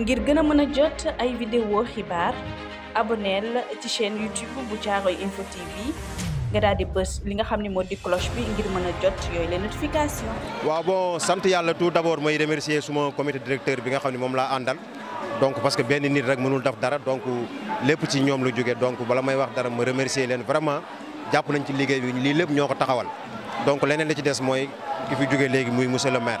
ngir gën mën a jot ay vidéo xibaar aboneel ci chaîne YouTube bu Caaroy info TV nga daal di bës li nga xam ni moo di cloche bi ngir mën a jot yooyu la notification. waaw bon sant yàlla tout d'abord mooy remercier suma comité directeur bi nga xam ne moom laa àndal donc parce que benn nit rek mënul def dara donc lépp ci ñoom la jógee donc bala may wax dara ma remercier leen vraiment jàpp nañ ci liggéey bi lii lépp ñoo ko taxawal donc leneen la ci des mooy ki fi jógee léegi muy monsieur le maire.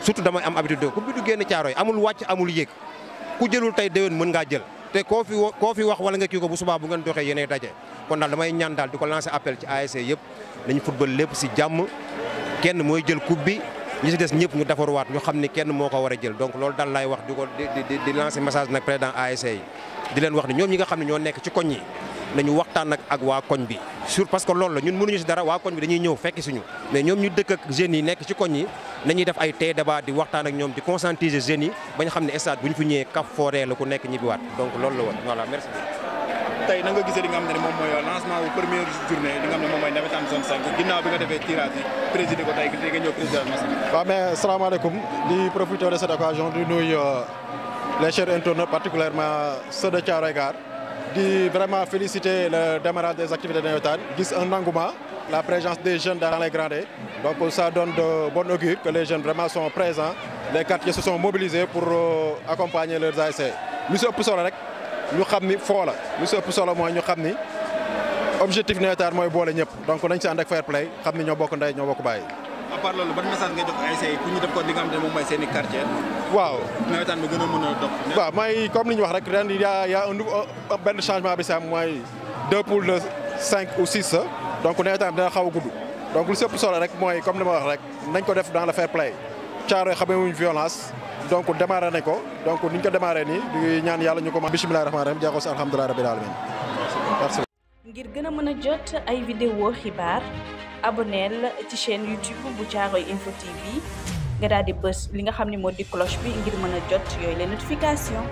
surtout damay am habitude de ku bi du génn caaroy amul wàcc amul yéeg ku jëlul tey déwén mën ngaa jël te koo fi koo fi wax wala nga kii ko bu subaa bu ngeen doxee yéenay daje kon daal damay ñaan daal di ko lancer appel ci ASC yëpp nañu football lépp si jàmm kenn mooy jël coupe bi ñi si des ñëpp ñu defaruwaat ñu xam ni kenn moo ko war a jël donc loolu daal laay wax di ko di message nag président ASC yi di leen wax ne ñoom ñi nga xam ne ñoo nekk ci koñ yi nañu waxtaan nag ak waa koñ bi sur parce que loolu la ñun mënuñu si dara waa koñ bi dañuy ñëw fekk si ñu mais ñoom ñu dëkk ak jeunes yi nekk ci koñ yi nañuy def ay tey débat di waxtaan ak ñoom di conscientiser jeunes yi ba ñu xam ne stade bu ñu fi ñëwee kaf fooree ku nekk ñibbiwaat donc loolu la woon voilà merci tey na nga gisee li nga xam ne moom mooy lancement bu première journée li nga ñëw président Massa. waaw mais salaamaaleykum di profiter de cette occasion di nuyu euh, les chers internautes particulièrement ceux de Thiaroye Gare veux vraiment féliciter le démarrage des activités de Navétane un engouement la présence des jeunes dans les gradés donc ça donne de bon augure que les jeunes vraiment sont présents les quartiers se sont mobilisés pour euh, accompagner leurs essais. Monsieur sommes nous solo rek Monsieur xam nous sommes la L'objectif de Neotard solo de faire xam objectif Navétane donc play Nous ñoo à part loolu ban message ngay jox ay say pour ñu def ko li nga xam moom mooy seen i waaw a mën a dox. mooy comme li ñu wax rek ren y' a y' a un euh, benn changement bi sax mooy deux poules de cinq ou six euh, donc nawetaan bi dina xaw a gudd. donc lu sëpp solo rek mooy comme li ma wax rek nañ ko def dans le fair play caaro xamee wuñ violence donc démarré nañ ko donc niñ ko démarré nii di ñaan yàlla ñu ko ma bisimilah rahmaani rahiim jeexoo si alhamdulilah rabil alamin merci ngir gëna mëna mën jot ay vidéo xibaar abonnel ci chaîne YouTube bu Caaroy info TV nga daal di bëss li nga xam ne moo di cloche bi ngir mëna a jot yooyu les notification